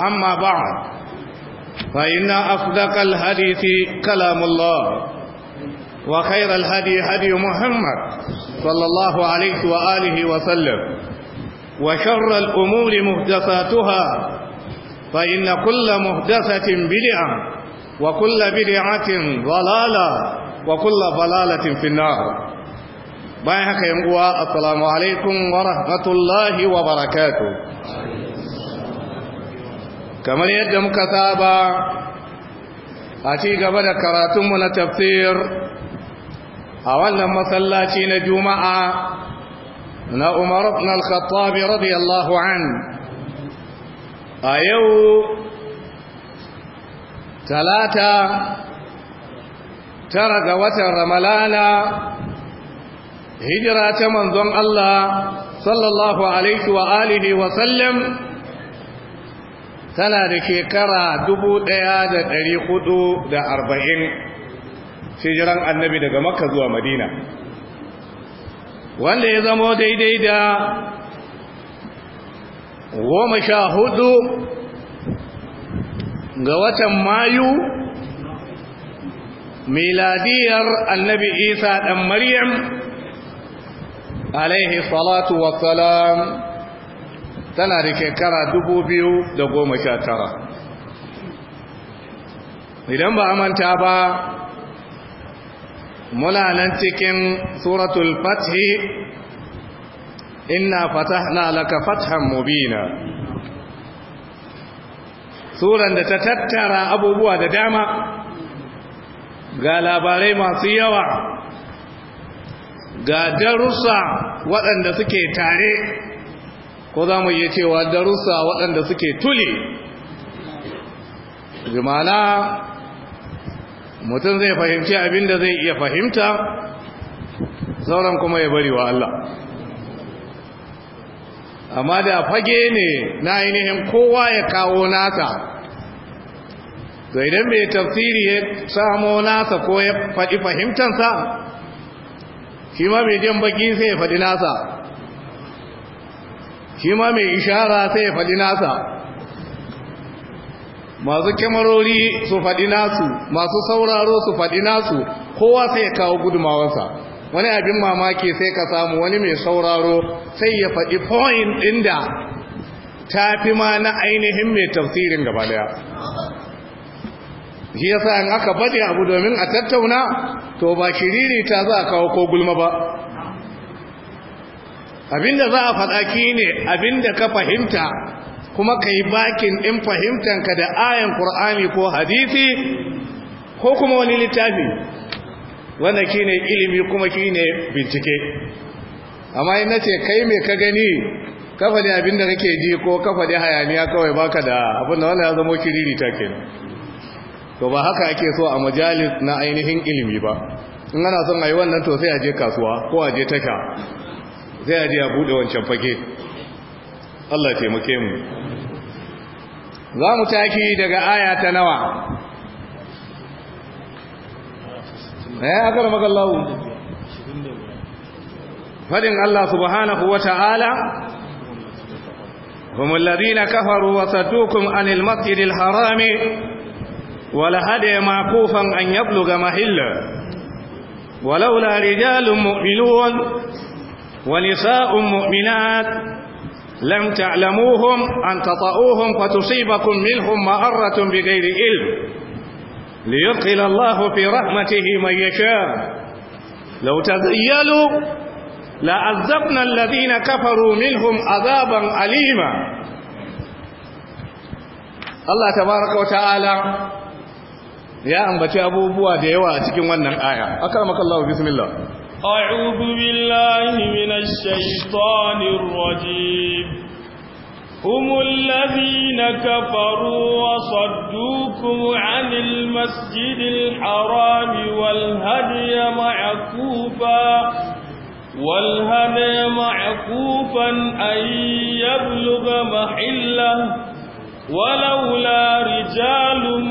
أما بعد فإن أصدق الحديث كلام الله وخير الهدي هدي محمد صلى الله عليه وآله وسلم وشر الأمور مهدساتها فإن كل مهدسة بدعة وكل بدعة ضلالة وكل ضلالة في النار بايحك يمقوا السلام عليكم ورحمة الله وبركاته kamar yadda muka saba a ci gaba da karatunmu na tafsir a wannan masallaci na juma'a na umar ibn al-khattab radiyallahu an a yau talata tara ga watan ramalana hijira ta manzon Allah sallallahu alaihi wa alihi wa sallam tana da shekara dubu ɗaya da ɗari hudu da arba'in hijiran annabi daga makka zuwa madina wanda ya zamo daidai da goma sha hudu ga watan mayu miladiyar annabi isa ɗan maryam alaihi salatu wasalam tana da shekara tara. idan ba amanta ba muna nan cikin suratul fathi inna fatahna laka fathan mubina suran da ta tattara abubuwa da dama ga labarai masu yawa ga darussa waɗanda suke tare ko za mu iya cewa darussa waɗanda suke tuli jimala mutum zai fahimci abin da zai iya fahimta sauran kuma ya bari wa Allah amma da fage ne na ainihin kowa ya kawo nasa zai idan mai tafsiri ya samo nasa ko ya faɗi fahimtansa shi ma mai jan baki sai ya faɗi nasa shi ma mai ishara sai ya faɗi nasa masu kyamarori su faɗi nasu masu sauraro su faɗi nasu kowa sai ya kawo gudumawarsa wani abin mamaki sai ka samu wani mai sauraro sai ya faɗi point ɗin da ta fi ma na ainihin mai tafsirin gaba daya shi yasa in aka baɗe abu domin a tattauna to ba shiriri ta za a kawo ko gulma ba abinda za a faɗa ki ne abinda ka fahimta kuma ka yi bakin ɗin fahimtanka da ayan ƙur'ani ko hadisi ko kuma wani littafi wanda ki ne ilimi kuma ki ne bincike amma in na ce kai mai ka gani kafa da abinda kake ji ko kafa da hayaniya kawai baka da abin da wanda ya zama kiriri ta kenan to ba haka ake so a majalis na ainihin ilimi ba in ana son a yi wannan to sai a je kasuwa ko a je taka zai aje ya bude wancan fage Allah taimake mu za mu taki daga aya ta nawa eh aka rama fadin Allah subhanahu wataala هم الذين كفروا وصدوكم عن المسجد الحرام ولهدي معكوفا أن يبلغ محله ولولا رجال مؤمنون ونساء مؤمنات لم تعلموهم أن تطأوهم فتصيبكم منهم مأرة بغير علم ليدخل الله في رحمته من يشاء لو تذيلوا لعذبنا الذين كفروا منهم عذابا أليما Allah tabaraka wata'ala ya ambaci abubuwa da yawa a cikin wannan aya akramaka Allah bismillah أعوذ بالله من الشيطان الرجيم هم الذين كفروا وصدوكم عن المسجد الحرام والهدي معكوفا والهدي معكوفا أن يبلغ محله ولولا رجال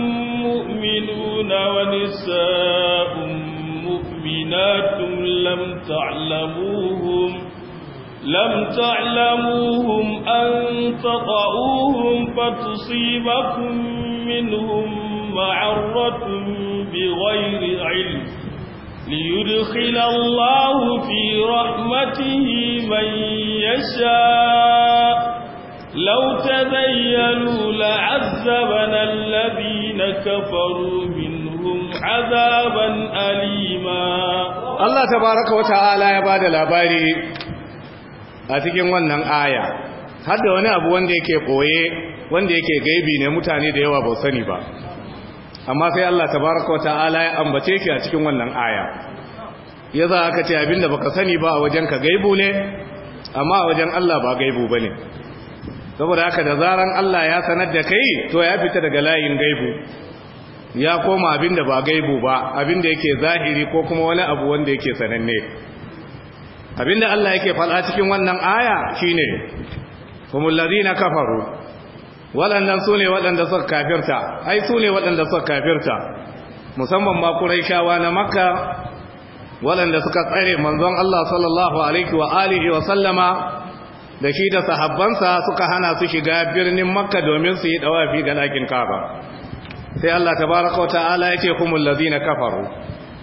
مؤمنون ونساء مؤمنات لم تعلموهم لم تعلموهم أن تطعوهم فتصيبكم منهم معرة بغير علم ليدخل الله في رحمته من يشاء لو تبينوا لعذبنا الذين كفروا منهم لكم عذابا أليما الله تبارك وتعالى يا بعد الأباري أتكين ونن آية هذا هو نعب وان ديكي قوي وان ديكي غيبي نمتاني ديوا بوساني با أما سي الله تبارك وتعالى أم أمبتيكي أتكين ونن آية yaza aka ce يذا أكتي أبين دبك سني با gaibu ne amma a wajen Allah ba gaibu bane saboda haka da zaran Allah ya sanar da kai to ya fita daga layin gaibu ya koma abin da ba gaibu ba abin da yake zahiri ko kuma wani abu wanda yake sananne abin da Allah yake faɗa cikin wannan aya shine humul ladina kafaru waɗannan su ne waɗanda suka kafirta ai su ne waɗanda suka kafirta musamman ma shawa na makka waɗanda suka tsare manzon Allah sallallahu alaihi wa alihi wa sallama da shi da sahabbansa suka hana su shiga birnin makka domin su yi dawafi ga lakin kaba sai Allah tabaraka wa ta'ala ya ce humul ladina kafaru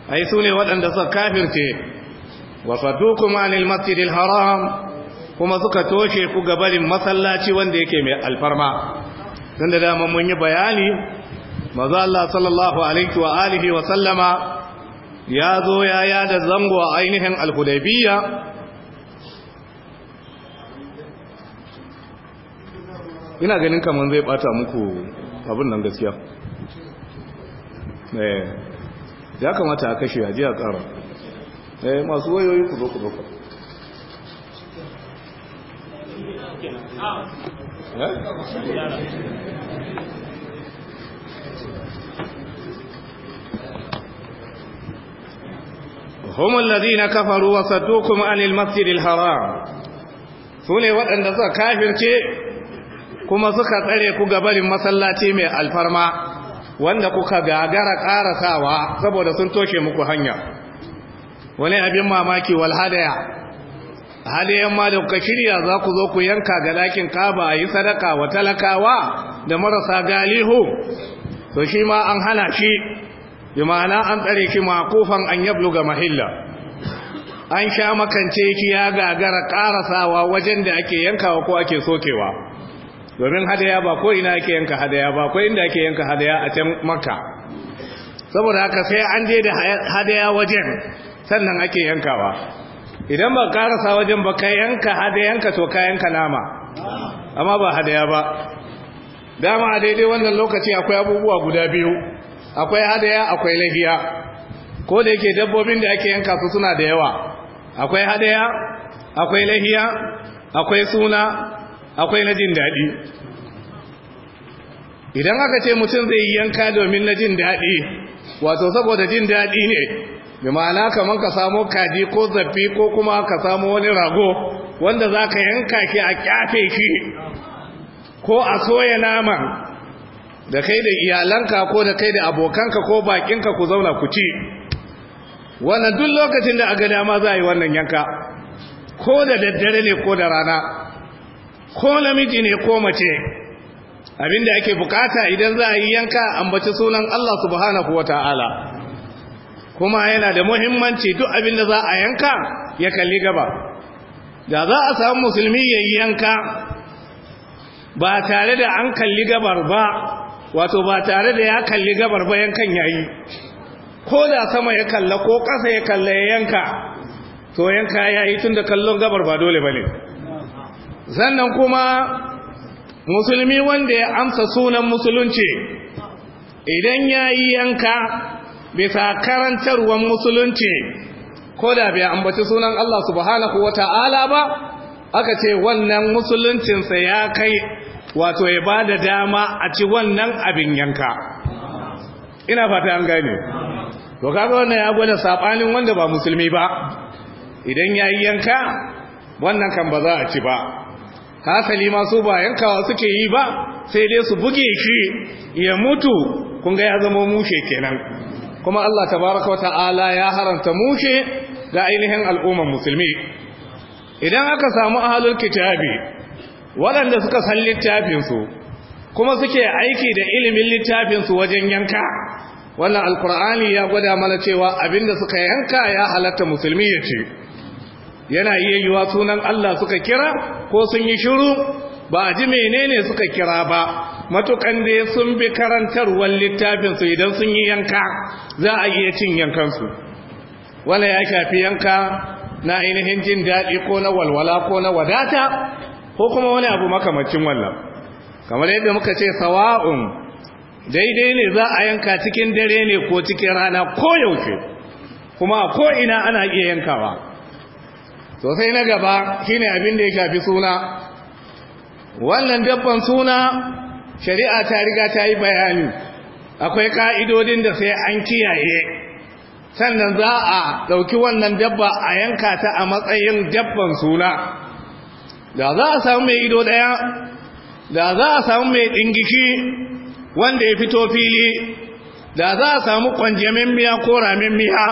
ai sune waɗanda suka kafirce wa saddukum anil masjidil haram kuma suka toshe ku gabarin masallaci wanda yake mai alfarma dan da dama mun yi bayani manzo Allah sallallahu alaihi wa alihi wa sallama ya zo ya yada zango a ainihin al-hudaybiyya ina ganin kaman zai bata muku abin nan gaskiya ya kamata a kashe a ji a tsara masu wayoyi ku zo ku zoku هم الذين كفروا وصدوكم عن المسجد الحرام سوني وأن ذا كافر كي كما سكت عليكم قبل المسلاتي من الفرما wanda kuka gagara karasawa saboda sun toshe muku hanya wani abin mamaki walhadaya hadaya ma da kuka shirya za ku zo ku yanka ga lakin kaba a yi sadaka wa talakawa da marasa galihu to shi ma an hana shi bi ma'ana an tsare shi makufan an yablu ga mahilla an sha makance shi ya gagara karasawa wajen da ake yankawa ko ake sokewa domin hadaya ba ko ina ake yanka hadaya ba ko inda ake yanka hadaya a can maka saboda haka sai an je da hadaya wajen sannan ake yankawa idan ba karasa wajen ba ka yanka hadayanka to ka yanka nama amma ba hadaya ba dama a daidai wannan lokaci akwai abubuwa guda biyu akwai hadaya akwai lahiya ko da yake dabbobin da ake yanka su suna da yawa akwai hadaya akwai lahiya akwai suna akwai na jin daɗi idan aka ce mutum zai yi yanka domin na jin daɗi wato saboda jin daɗi ne ma'ana kamar ka samo kaji ko zafi ko kuma ka samo wani rago wanda za ka yanka ki a kyafe shi ko a soya nama da kai da iyalanka ko da kai da abokanka ko bakinka ku zauna ku ci wannan duk lokacin da aga dama za a yi wannan yanka ko da daddare ne ko da rana ko namiji ne ko mace abinda ake bukata idan za a yi yanka ambaci sunan Allah subhanahu wata'ala kuma yana da muhimmanci duk abinda za a yanka ya kalli gaba da za a samu musulmi ya yi yanka ba tare da an kalli gabar ba wato ba tare da ya kalli gabar ba yankan yayi ko da sama ya kalla ko ƙasa ya kalla ya yanka to yanka yayi tunda kallon gabar ba dole bane sannan kuma musulmi wanda ya amsa sunan musulunci idan ya yi yanka bisa karantarwar musulunci ko da bai ambaci sunan Allah subhanahu wa ta'ala ba aka ce wannan musuluncinsa ya kai wato ya ba da dama a ci wannan abin yanka ina fata an gane to kaga wannan ya gwada sabanin wanda ba musulmi ba idan ya yi yanka wannan kan ba za a ci ba hasali ma su ba yankawa suke yi ba sai dai su buge shi ya mutu kun ga ya zama mushe kenan kuma Allah tabaraka wa ta'ala ya haranta mushe ga ainihin al'umman musulmi idan aka samu ahalul kitabi waɗanda suka san littafinsu kuma suke aiki da ilimin littafinsu wajen yanka wannan alkur'ani ya gwada mana cewa abinda suka yanka ya halatta musulmi ya ce yana iya yiwa sunan Allah suka kira ko sun yi shiru ba a ji menene suka kira ba matukan da sun bi karantarwar littafin su idan sun yi yanka za a iya cin yankansu wala ya shafi yanka na ainihin jin daɗi ko na walwala ko na wadata ko kuma wani abu makamacin wallan kamar yadda muka ce sawa'un daidai ne za a yanka cikin dare ne ko cikin rana ko yaushe kuma ko ina ana iya yankawa Sosai na gaba shine abin da ya shafi suna wannan dabban suna shari'a ta riga ta yi bayani akwai ka'idodin da sai an kiyaye sannan za a ɗauki wannan dabba a yanka ta a matsayin dabban suna da za a samu mai ido ɗaya da za a samu mai ɗingiki wanda ya fito fili da za a samu kwanjamin miya ko ramin miya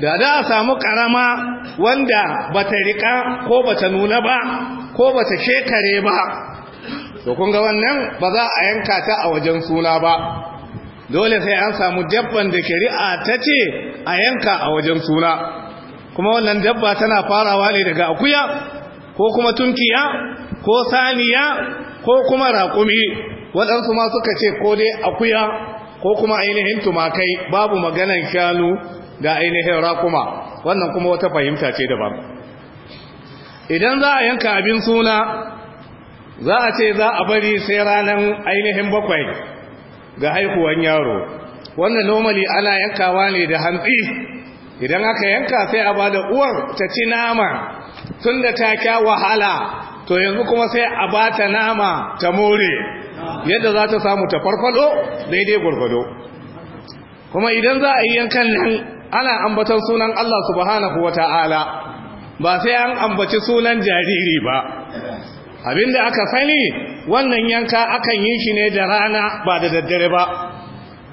da da a samu karama wanda bata rika ko bata nuna ba ko bata shekare ba to kun ga wannan ba za a yanka ta a wajen suna ba dole sai an samu dabban da shari'a ta ce a yanka a wajen suna kuma wannan dabba tana farawa ne daga akuya ko kuma tunkiya ko saniya ko kuma raƙumi waɗansu ma suka ce ko dai akuya ko kuma ainihin tumakai babu maganan shanu da ainihin rakuma wannan kuma wata fahimta ce daban idan za a yanka abin suna za a ce za a bari sai ranar ainihin bakwai ga haihuwan yaro wannan normally ana yankawa ne da hantsi idan aka yanka sai a ba da uwar ta ci nama tun da ta kya wahala to yanzu kuma sai a ba ta nama ta more yadda za ta samu ta farfado daidai gwargwado kuma idan za a yi yankan nan ana ambaton sunan Allah subhanahu wata'ala ba sai an ambaci sunan jariri ba abinda aka sani wannan yanka akan yi shi ne da rana ba da daddare ba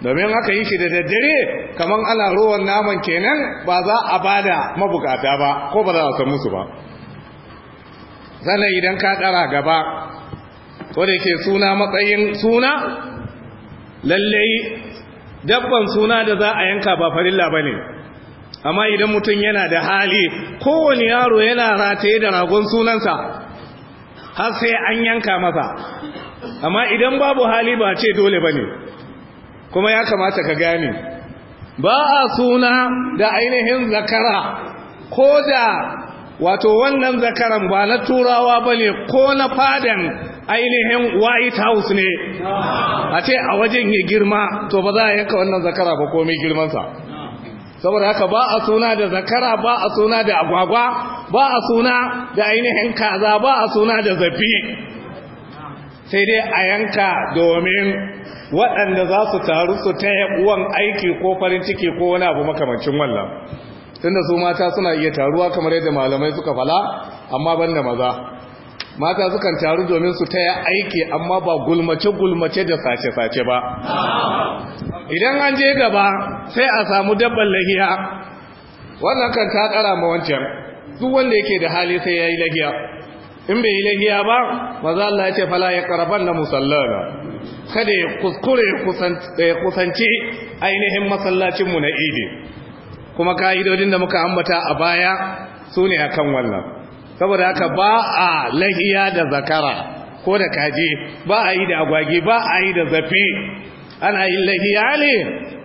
domin aka yi shi da daddare kamar ana ruwan naman kenan ba za a bada mabukata ba ko ba za a san musu ba sannan idan ka tsara gaba ko da ke suna matsayin suna lallai dabban suna da za a yanka ba farilla ba ne amma idan mutum yana da hali kowane yaro yana rataye da ragon sunansa har sai an yanka masa amma idan babu hali ba ce dole ba ne kuma ya kamata ka gane ba a suna da ainihin zakara ko da wato wannan zakaran ba na turawa ba ne ko na fadan ainihin white house ne ah. a ce a wajen ya girma to ba za a yanka wannan zakara ba komai girmansa saboda haka ba a suna da zakara ba a suna da agwagwa ba a suna da ainihin kaza ba a suna da zafi sai dai a yanka domin waɗanda za su taru su ta uwan aiki ko farin ciki ko wani abu makamancin wallan tunda su mata suna iya taruwa kamar yadda malamai suka fala amma ban da maza mata sukan taru domin su taya aiki amma ba gulmace-gulmace da sace-sace ba idan an je gaba sai a samu dabban lahiya wannan kan ta kara ma wancan duk wanda yake da hali sai ya yi lahiya in bai yi lahiya ba maza Allah ya ce fala ya karaban na musallana kada ya kuskure ya kusanci ainihin masallacinmu na idi kuma ka'idodin da muka ambata a baya su ne akan wannan saboda haka ba a lahiya da zakara ko da kaje ba a yi da agwagi ba a yi da zafi ana yin lahiya ne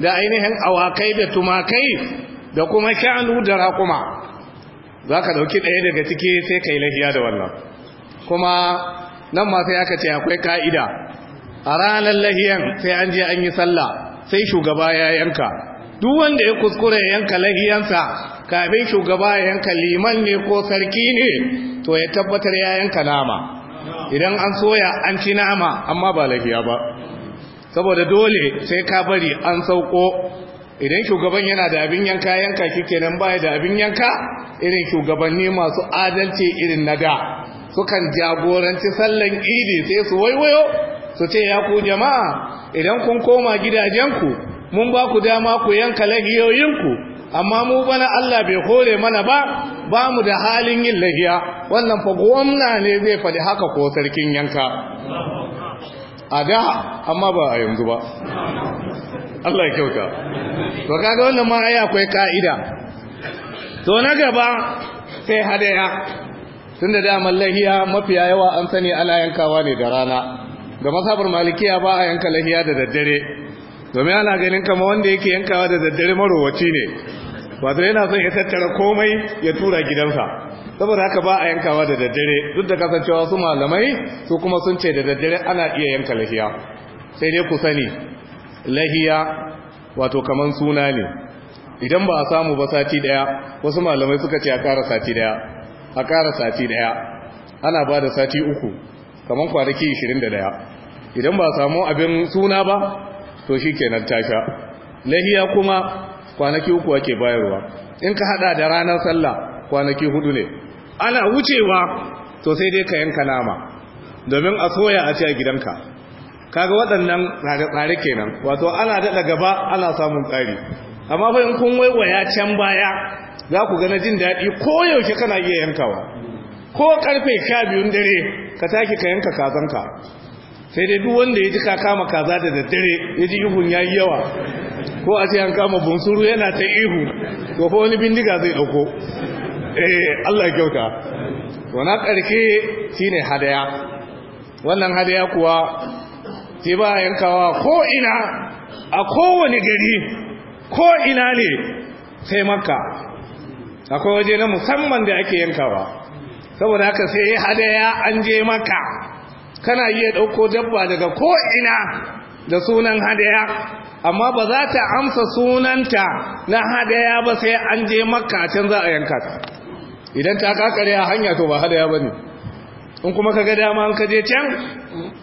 da ainihin awakai da tumakai da kuma shanu da raƙuma za ka ɗauki ɗaya daga ciki sai ka yi lahiya da wannan kuma nan ma sai aka ce akwai ka'ida a ranar lahiyan sai an je an yi sallah sai shugaba ya yanka duk wanda ya kuskure yanka lahiyansa kafin shugaba ya yanka liman ne ko sarki ne to ya tabbatar ya yanka nama idan an soya an ci nama amma ba lafiya ba saboda dole sai ka bari an sauko idan shugaban yana da abin yanka yanka shi kenan baya da abin yanka irin shugabanni masu adalci irin na sukan jagoranci sallan idi sai su waiwayo su ce ya ku jama'a idan kun koma gidajenku mun ba ku dama ku yanka lagiyoyinku amma mu bana Allah bai hore mana ba ba mu da halin yin lahiya wannan fa gwamna ne zai faɗi haka ko sarkin yanka a da amma ba a yanzu ba Allah ya kyauta to kaga wannan ma ai akwai ka'ida to na gaba sai hadaya tunda da lahiya mafiya yawa an sani ala yankawa ne da rana da masabar malikiya ba a yanka lahiya da daddare domin ana ganin kama wanda yake yankawa da daddare marowaci ne wato yana son ya tattara komai ya tura gidansa saboda haka ba a yankawa da daddare duk da kasancewa su malamai su kuma sun ce da daddare ana iya yanka lahiya sai dai ku sani lahiya wato kamar suna ne idan ba a samu ba sati daya wasu malamai suka ce a ƙara sati daya a ƙara sati daya ana ba da sati uku kamar kwanaki 21 idan ba a samu abin suna ba to shi kenan tasha lahiya kuma kwanaki uku ake bayarwa in ka hada da ranar sallah kwanaki hudu ne ana wucewa to sai dai ka yanka nama domin a soya a ci a gidanka kaga waɗannan tsare kenan wato ana daɗa gaba ana samun tsari amma fa in kun waiwaya can baya za ku na jin daɗi ko yaushe kana iya yankawa ko karfe sha biyun dare ka taki ka yanka kazanka sai dai duk wanda ya ji ka kama kaza da daddare ya ji ihun ya yi yawa ko a ce an kama bunsuru yana ta ihu to ko wani bindiga zai dauko eh Allah kyauta wana karke shine hadaya wannan hadaya kuwa sai ba yankawa ko ina a kowane gari ko ina ne sai makka akwai waje na musamman da ake yankawa saboda haka sai ya hadaya an je makka kana iya dauko dabba daga ko ina da sunan hadaya amma ba za ta amsa sunanta na hadaya ba sai an je makka can za a yanka ta idan ta kakare a hanya to ba hadaya ba ne in kuma ka ga dama ka je can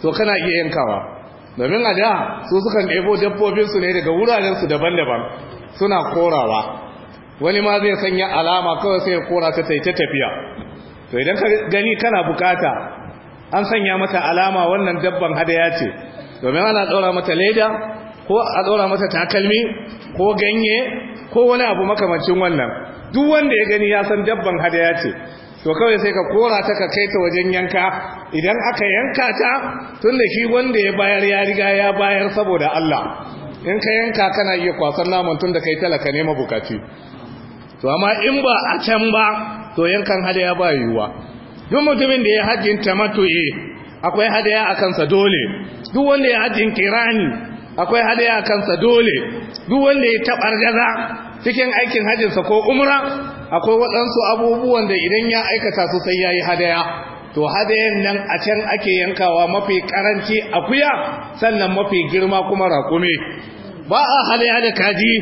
to kana iya yankawa domin a da su sukan ɗebo dabbobinsu ne daga wurarensu daban-daban suna korawa wani ma zai sanya alama kawai sai ya kora ta ta tafiya to idan ka gani kana bukata an sanya mata alama wannan dabban hadaya ce domin ana ɗaura mata leda ko a ɗora mata takalmi ko ganye ko wani abu makamancin wannan duk wanda ya gani ya san dabban hadaya ce to kawai sai ka kora ta ka kai ta wajen yanka idan aka yanka ta tun da shi wanda ya bayar ya riga ya bayar saboda Allah in ka yanka kana iya kwasan naman tun da kai talaka ne mabukaci to amma in ba a can ba to yankan hadaya ba yiwuwa duk mutumin da ya hajjin tamatu'i akwai hadaya a kansa dole duk wanda ya hajjin kirani akwai hadaya kansa dole duk wanda ya tabargaza cikin aikin hajjinsa ko umra akwai waɗansu abubuwan da idan ya aikata su sai yayi hadaya to hadayen nan a can ake yankawa mafi karanci akuya sannan mafi girma kuma raƙumi ba a hadaya da kaji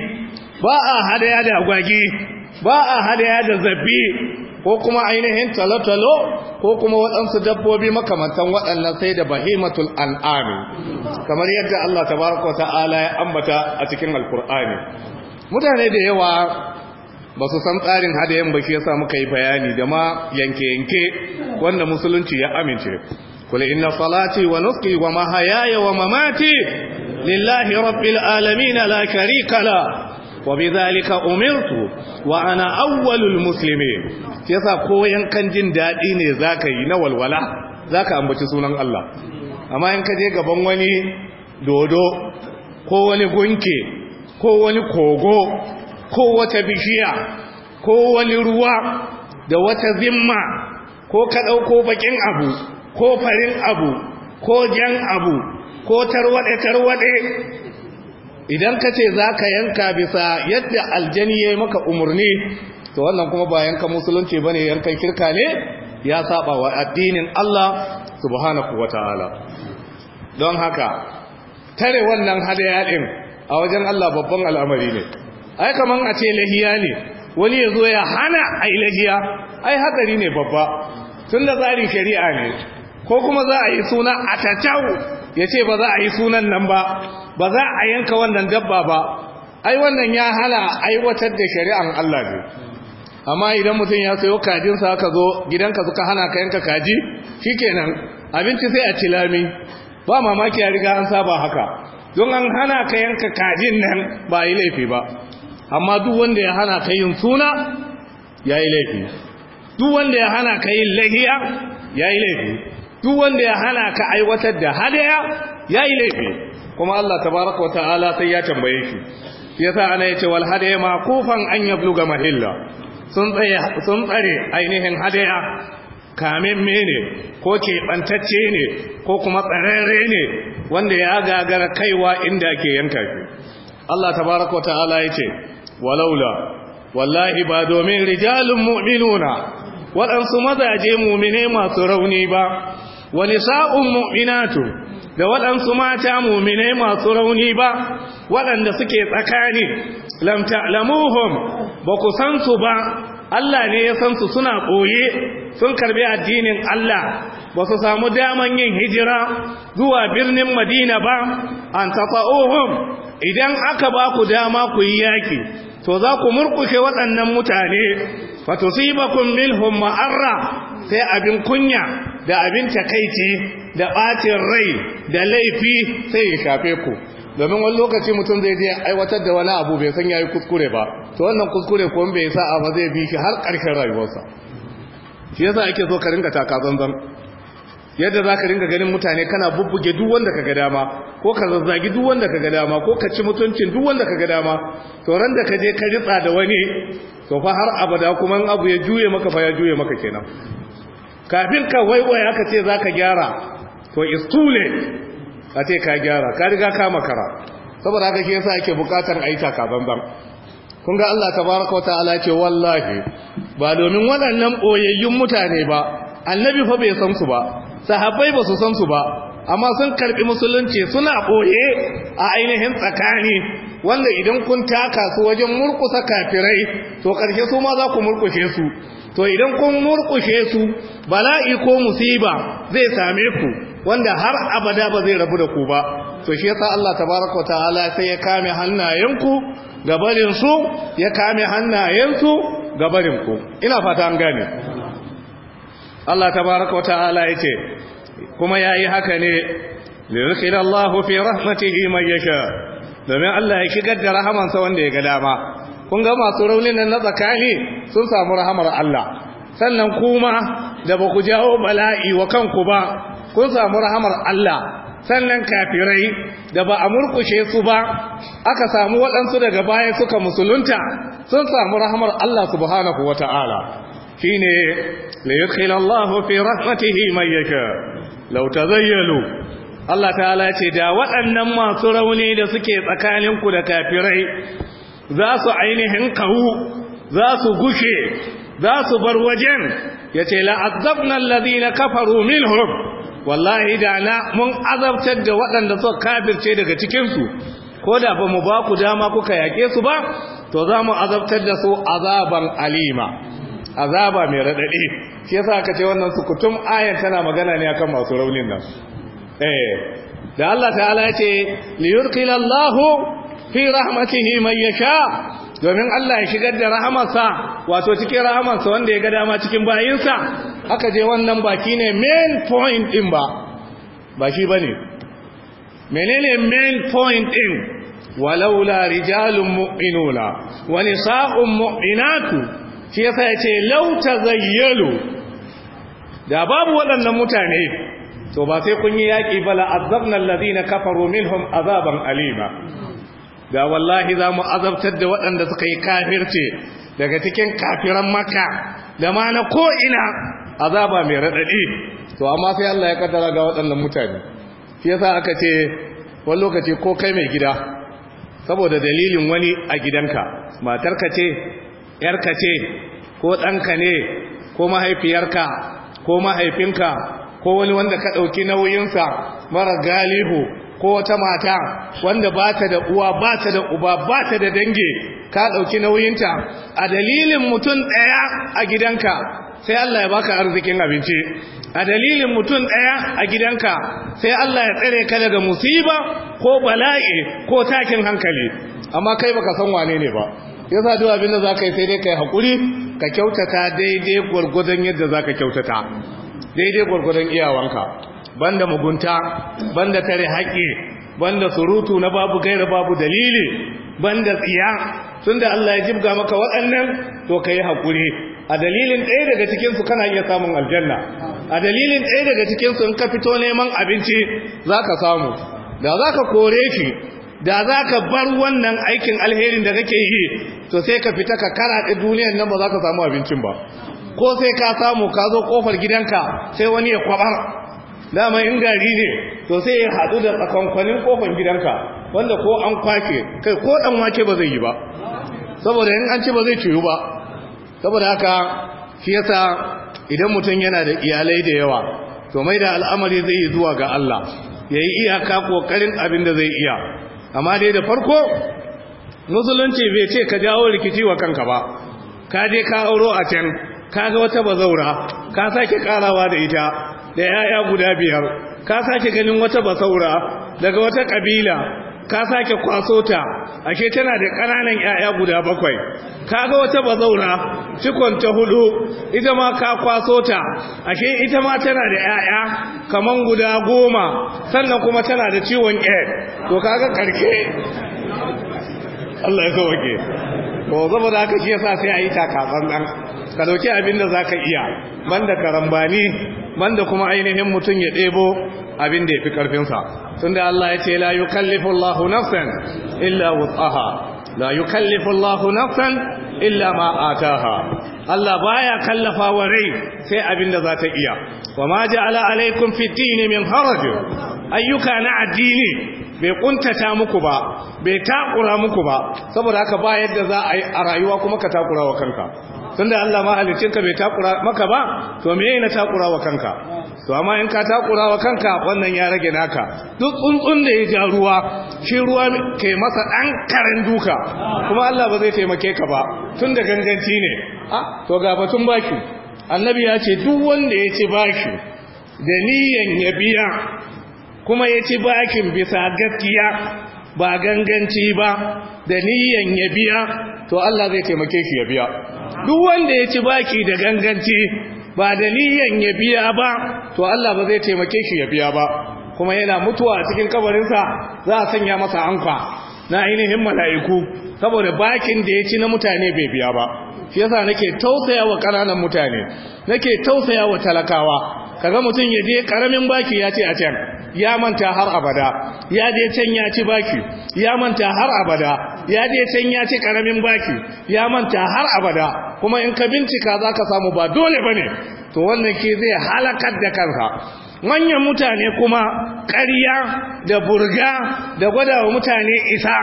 ba a hadaya da agwagi ba a hadaya da zabbi ko kuma ainihin talotalo ko kuma waɗansu dabbobi makamantan waɗannan sai da bahimatul al’ami kamar yadda Allah ta tabaraka ta'ala ya ambata a cikin alkur'ani mutane da yawa ba su san tsarin hadayen ba shi yasa muka yi bayani da ma yanke-yanke wanda musulunci ya amince kula inna salati wa nuski wa mahayaya wa mamati lillahi rabbil alamin la sharika wa bi zalika umirtu wa ana awwalul muslimin koyan kan jin dadi ne zaka yi na walwala zaka ambaci sunan Allah amma in ka je gaban wani dodo ko wani gunke ko wani kogo ko wata bishiya ko wani ruwa da wata zimma ko ka dauko bakin abu ko farin abu ko jan abu ko tarwade tarwade idan ka ce za ka yanka bisa yadda aljani ya yi maka umarni to wannan kuma ba yanka musulunci ba ne yankan kirka ne ya saba wa addinin Allah subhanahu wa ta'ala don haka tare wannan hadaya a wajen Allah babban al'amari ne ai kaman a ce lahiya ne wani ya zo ya hana a lahiya ai hatsari ne babba tun da tsarin shari'a ne ko kuma za a yi suna a ya ce ba za a yi sunan nan ba ba za a yanka wannan dabba ba ai wannan ya hana aiwatar da shari'an Allah ne amma idan mutum ya sayo kajinsa aka zo gidanka suka hana ka yanka kaji shikenan abinci sai a tilami ba mamaki ya riga an saba haka don an hana ka yanka kajin nan ba yi laifi ba amma duk wanda ya hana ka yin suna ya yi laifi duk wanda ya hana ka yin lahiya ya yi laifi duk wanda ya hana ka aiwatar da hadaya yayi laifi kuma Allah tabaraka wa ta'ala sai ya tambaye shi yasa ana yace wal hadaya maqufan an yabluga mahilla sun tsaye sun tsare ainihin hadaya kamin mene ko keɓantacce ne ko kuma tsararre ne wanda ya gagara kaiwa inda ake yanka shi Allah tabaraka wa ta'ala yace walaula wallahi ba domin rijalun mu'minuna waɗansu mazaje mumine masu rauni ba wa nisa'un mu'minatu da waɗansu mata mu'minai masu rauni ba waɗanda suke tsakani lam ta'lamuhum ba ku san su ba Allah ne ya san su suna ɓoye sun karbi addinin Allah ba su samu daman yin hijira zuwa birnin Madina ba an tafa'uhum idan aka ba ku dama ku yi yaki to za ku murkushe waɗannan mutane fa tusibakum minhum ma'arra sai abin kunya da abin takaici da ɓacin rai da laifi sai ya shafe ku domin wani lokaci mutum zai je aiwatar da wani abu bai san yayi kuskure ba to wannan kuskure ko bai sa a ba zai bi shi har ƙarshen rayuwarsa shi yasa ake so ka ringa taka zanzan yadda zaka ringa ganin mutane kana bubbuge duk wanda ka dama ko ka zazzagi duk wanda ka dama ko ka ci mutuncin duk wanda ka ga dama to ran da ka je ka ritsa da wani to fa har abada kuma in abu ya juye maka fa ya juye maka kenan kafin ka waiwaya aka ce za ka gyara to istule a ce ka gyara ka riga ka makara saboda haka shi yasa ake bukatar a yi banban kun ga Allah tabaraka wa ta'ala ce wallahi ba domin waɗannan boyayyun mutane ba annabi fa bai san su ba sahabbai ba su san su ba amma sun karbi musulunci suna ɓoye a ainihin tsakani wanda idan kun taka su wajen murkusa kafirai to karshe su ma za ku murkushe su to idan kun murkushe su bala'i ko musiba zai same ku wanda har abada ba zai rabu da ku ba to shi yasa Allah tabaraka ta'ala sai ya kame hannayenku gabarin su ya kame hannayensu gabarin ku ina fata an gane Allah tabaraka ta'ala yace kuma yayi haka ne liyudkhilallahu fi rahmatihi man yasha domin Allah ya shigar da rahamansa wanda ya ga dama kun ga masu raunin nan na tsakani sun samu rahamar Allah sannan kuma da ba ku jawo bala'i wa kanku ba kun samu rahamar Allah sannan kafirai da ba a murkushe su ba aka samu waɗansu daga baya suka musulunta sun samu rahamar Allah subhanahu wata'ala shine la yadkhil Allahu fi rahmatihi man yaka law tazayyalu Allah ta'ala ce da waɗannan masu rauni da suke tsakaninku da kafirai za su ainihin kahu za su gushe za su bar wajen ya ce la'azabnan ladina kafaru minhum wallahi da na mun azabtar da waɗanda suka kafirce daga cikinsu ko da ba mu ba ku dama kuka yake su ba to za mu azabtar da su azaban alima azaba mai raɗaɗi shi yasa aka ce wannan kutum ayan tana magana ne akan masu raunin nan eh, da Allah ta'ala ya ce liyurkilallahu. fi rahmatihi man yasha domin Allah ya shigar da rahamarsa wato cikin rahamarsa wanda ya ga dama cikin bayinsa aka je wannan baki ne main point din ba ba shi bane menene main point din walaula rijalun mu'minuna wa nisa'un mu'minatu shi yasa yace law tazayyalu da babu waɗannan mutane to ba sai kun yi yaƙi bala azabna alladhina kafaru minhum azaban alima da wallahi za mu azabtar da waɗanda suka yi kafirce daga cikin kafiran maka da ma na ko'ina azaba mai raɗaɗi to amma sai Allah ya ƙaddara ga waɗannan mutane shi yasa aka ce wani lokaci ko kai mai gida saboda dalilin wani a gidanka matarka ce yarka ce ko ɗanka ne ko mahaifiyarka ko mahaifinka ko wani wanda ka ɗauki nauyinsa mara galihu ko wata mata wanda ba ta da uwa ba ta da uba ba ta da dange ka ɗauki nauyinta a dalilin mutum ɗaya a gidanka sai Allah ya baka arzikin abinci a dalilin mutum ɗaya a gidanka sai Allah ya tsare ka daga musiba ko bala'i ko takin hankali amma kai baka san wane ne ba yasa duk abin da zaka yi sai dai kai hakuri ka kyautata daidai gwargwadon yadda zaka kyautata daidai gwargwadon iyawanka banda mugunta banda tare haƙi banda surutu na babu gaira babu dalili banda tsiya tunda Allah ya jibga maka waɗannan to kai hakuri a dalilin ɗaya daga cikin su kana iya samun aljanna a dalilin ɗaya daga cikinsu su in ka fito neman abinci zaka samu da zaka kore shi da za ka bar wannan aikin alherin da kake yi to sai ka fita ka karaɗe duniyan nan ba za ka samu abincin ba ko sai ka samu ka zo ƙofar gidanka sai wani ya kwabar dama in gari ne to sai ya haɗu da tsakankanin kofan gidanka wanda ko an kwake kai ko ɗan wake ba zai yi ba saboda in an ci ba zai ciyu ba saboda haka shi yasa idan mutum yana da iyalai da yawa to mai da al'amari zai yi zuwa ga Allah ya yi iyaka kokarin abin da zai iya amma dai da farko musulunci bai ce ka jawo rikici wa kanka ba ka je ka auro a can ka ga wata bazaura ka sake karawa da ita da yaya guda biyar ka sake ganin wata basaura daga wata kabila ka sake kwaso ta Ake tana da ƙananan yaya guda bakwai ka ga wata bazaura cikon ta hudu ita ma ka kwaso ta Ake ita ma tana da yaya kaman guda goma sannan kuma tana da ciwon ƙyar to kaga karke Allah ya sauke to saboda haka shi yasa sai a yi ɗan. ka dauki abin da zaka iya da karambani da kuma ainihin mutum ya ɗebo abin da yafi ƙarfinsa. sa da Allah ya ce la nafsan illa wus'aha la yukallifu nafsan illa ma ataha Allah baya kallafa wa rai sai abin da zata iya wa ma ja'ala alaikum fid min haraj ayyuka na addini bai kuntata muku ba bai takura muku ba saboda haka ba yadda za a yi a rayuwa kuma ka takura wa kanka tunda Allah mahalicin ka bai takura maka ba to me yana takura wa kanka to amma in ka takura wa kanka wannan ya rage naka duk tsuntsun da ya ja ruwa shi ruwa kai masa dan karen duka kuma Allah ba zai taimake ka ba tunda ganganci ne ah to ga batun baki annabi ya ce duk wanda ya ci baki da niyan ya biya kuma ya ci bakin bisa gaskiya ba ganganci ba da niyan ya biya to Allah zai taimake shi ya biya duk wanda ya ci baki da ganganci ba daliyan ya biya ba to Allah ba zai taimake shi ya biya ba kuma yana mutuwa a cikin kabarinsa za a sanya masa anka na ainihin mala'iku saboda bakin da ya ci na mutane bai biya ba shi yasa nake tausaya wa ƙananan mutane nake tausaya wa talakawa kaga mutum ya je ƙaramin baki ya ce a can ya manta har abada ya je can ya ci baki ya manta har abada ya je can ya ci karamin baki ya manta har abada kuma in ka bincika za ka samu ba dole ba ne to wannan ke zai halakar da kanka manyan mutane kuma ƙarya da burga da gwada wa mutane isa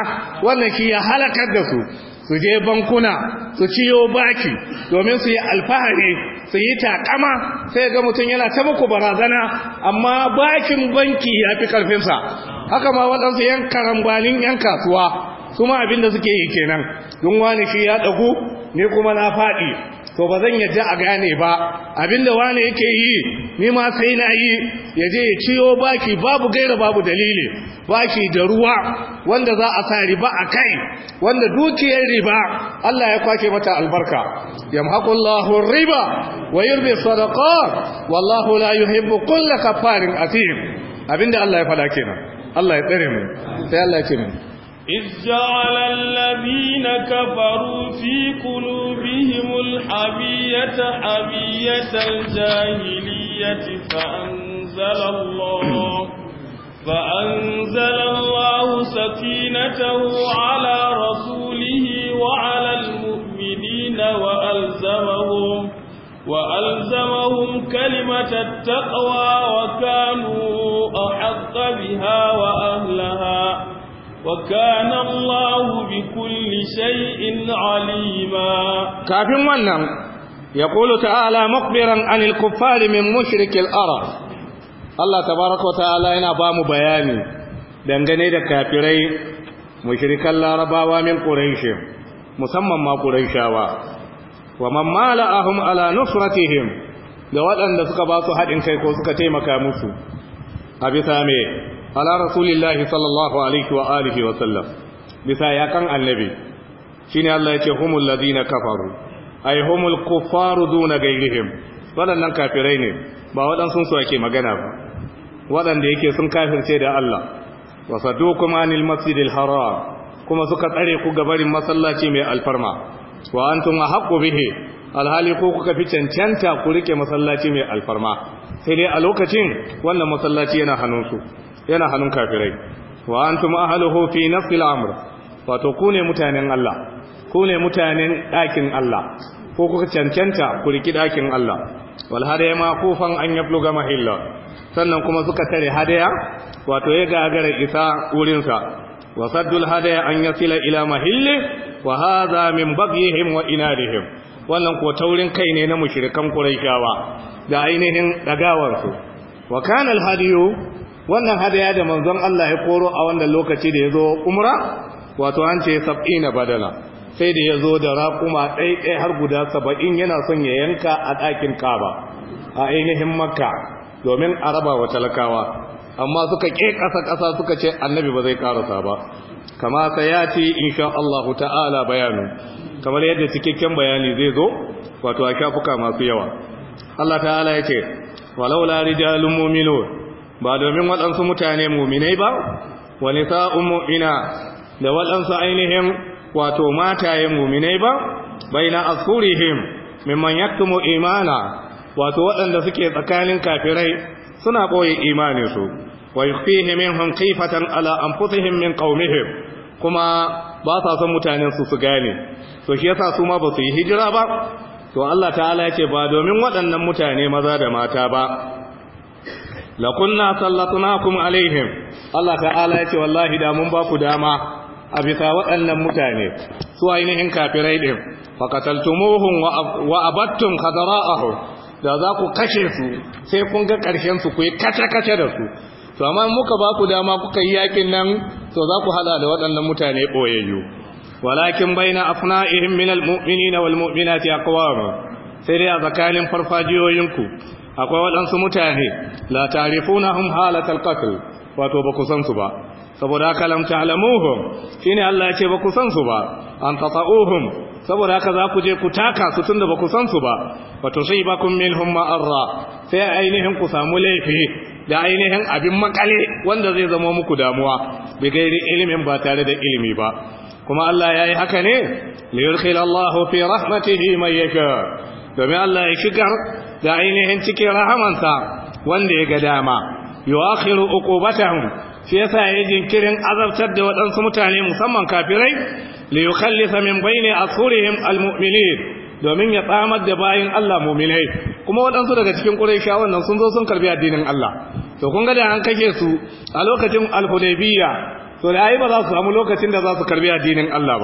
wannan ke ya halakar da su su je bankuna su ciyo baki domin su yi alfahari su yi takama sai ga mutum yana ta muku barazana amma bakin banki ya fi karfinsa haka ma waɗansu yan karambanin yan kasuwa su ma abin da suke yi kenan don wani shi ya ɗagu ne kuma na faɗi to ba zan yadda a gane ba abin da wani yake yi ni ma sai na yi ya je ya ciyo baki babu gaira babu dalili baki da ruwa wanda za a sa riba a kai wanda dukiyar riba Allah ya kwake mata albarka yamhaqullahu riba wa yurbi sadaqat wallahu la yuhibbu kulla kafarin atim abinda Allah ya fada kenan Allah ya tsare mu sai Allah ya ce mu إذ جعل الذين كفروا في قلوبهم الحبية حبية الجاهلية فأنزل الله فأنزل الله سكينته على رسوله وعلى المؤمنين وألزمهم وألزمهم كلمة التقوى وكانوا أحق بها وأهلها وكان الله بكل شيء عليما كافين wannan يقول تعالى مخبرا عن الكفار من مشرك الارض الله تبارك وتعالى yana ba mu bayani dangane da kafirai mushrikan larabawa min quraish musamman ma quraishawa wa man mala'ahum ala nusratihim da waɗanda suka ba su haɗin kai ko suka taimaka musu a bisa me ala Rasulillah sallallahu alaihi wa wa sallam bisa yakan annabi Shin Allah ya ce humul ladina kafaru ay humul kuffaru duna gairihim waɗannan kafirai ne ba waɗansu su ake magana ba waɗanda yake sun kafirce da Allah wa kuma anil masjidil haram kuma suka tsare ku gabarin masallaci mai alfarma wa antum ahqqu bihi alhali ko kuka fi cancanta ku rike masallaci mai alfarma sai dai a lokacin wannan masallaci yana hannunsu yana hannun kafirai wa antum ahluhu fi nafsi amr wato ku ne mutanen Allah ku ne mutanen ɗakin Allah ko kuka cancanta ku riki ɗakin Allah wal hadaya ma kufan an yabluga mahilla sannan kuma suka tare hadaya wato ya gagara isa wurinsa wa saddul hadaya an yasila ila mahilli wa hadha min baghihim wa inadihim wannan ko taurin kai ne na mushrikan quraishawa da ainihin dagawar su wa kana al hadiyu wannan hadaya da manzon Allah ya koro a wannan lokaci da ya zo umra wato an ce sab'ina badala sai da ya zo da raƙuma ɗaiɗai har guda saba'in yana son ya yanka a dakin kaba a ainihin makka domin a raba wa talakawa amma suka ƙe kasa ƙasa suka ce annabi ba zai karasa ba kama sayati insha Allah ta'ala bayanu kamar yadda cikakken bayani zai zo wato a shafuka masu yawa Allah ta'ala yace ce walaula rijalun mu'minun ba domin waɗansu mutane muminai ba wani sa'un mu'ina da waɗansu ainihin wato mataye muminai ba bai na asurihim mimman kuma imana wato waɗanda suke tsakanin kafirai suna ɓoye imaninsu wa min minhum khifatan ala anfusihim min ƙaumihim kuma ba sa son mutanen su su gane to shi yasa su ma ba su yi hijira ba to Allah ta'ala ya ce ba domin waɗannan mutane maza da mata ba la kunna sallatnakum alaihim Allah ta'ala yace wallahi da mun ba ku dama a bisa waɗannan mutane su ainihin kafirai din qataltumuhum wa abattum khadara'ahum da za ku kashe su sai kun ga ƙarshen su ku yi kace-kace da su to amma muka ba ku dama kuka yi yakin nan to za ku hada da waɗannan mutane boyayyu walakin baina afna'ihim min almu'minina walmu'minati aqwam sai dai a tsakanin farfajiyoyinku akwai waɗansu mutane la ta'rifunahum halatal qatl wato ba ku san su ba saboda haka lam ta'lamuhum shine Allah ya ce ba ku san su ba an tata'uhum saboda haka za ku je ku taka su tunda ba ku san su ba wato sai ba kun minhum ma'arra sai ainihin ku samu laifi da ainihin abin makale wanda zai zama muku damuwa bi gairi ilimin ba tare da ilimi ba kuma Allah yayi haka ne li yurkhil Allahu fi rahmatihi man yasha domin Allah ya shigar da ainihin cikin rahamansa wanda ya ga dama yuakhiru uqubatahum shi yasa yi jinkirin azabtar da waɗansu mutane musamman kafirai li yukhallisa min a ashurihim almu'minin domin ya tsamar da bayan Allah mu'minai kuma waɗansu daga cikin quraisha wannan sun zo sun karbi addinin Allah to kun ga da an kashe su a lokacin al to da ba za su samu lokacin da za su karbi addinin Allah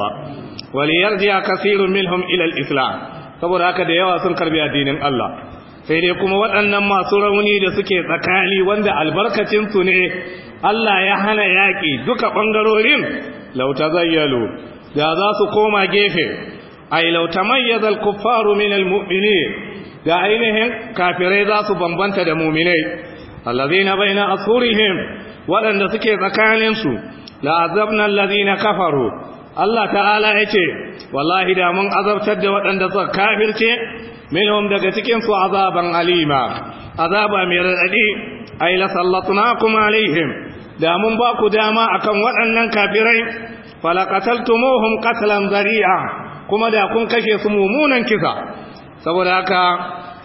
ba yarji kasirun minhum ila al-islam saboda haka da yawa sun karbi addinin Allah sai dai kuma waɗannan masu rauni da suke tsakani wanda albarkacinsu ne Allah ya hana yaƙi duka ɓangarorin lauta zayyalo da za su koma gefe yi lauta mayyaza al-kuffaru min al-mu'minin da ainihin kafirai za su bambanta da mu'minai allazina baina asurihim waɗanda suke tsakaninsu la azabna allazina kafaru Allah ta'ala ya ce wallahi da mun azabtar da waɗanda suka kafirce minhum daga cikin su azaban alima azaba mai radadi ay la sallatnakum alaihim da mun ba ku dama akan waɗannan kafirai falaqataltumuhum qatlan zari'a kuma da kun kashe su mumunan kisa saboda haka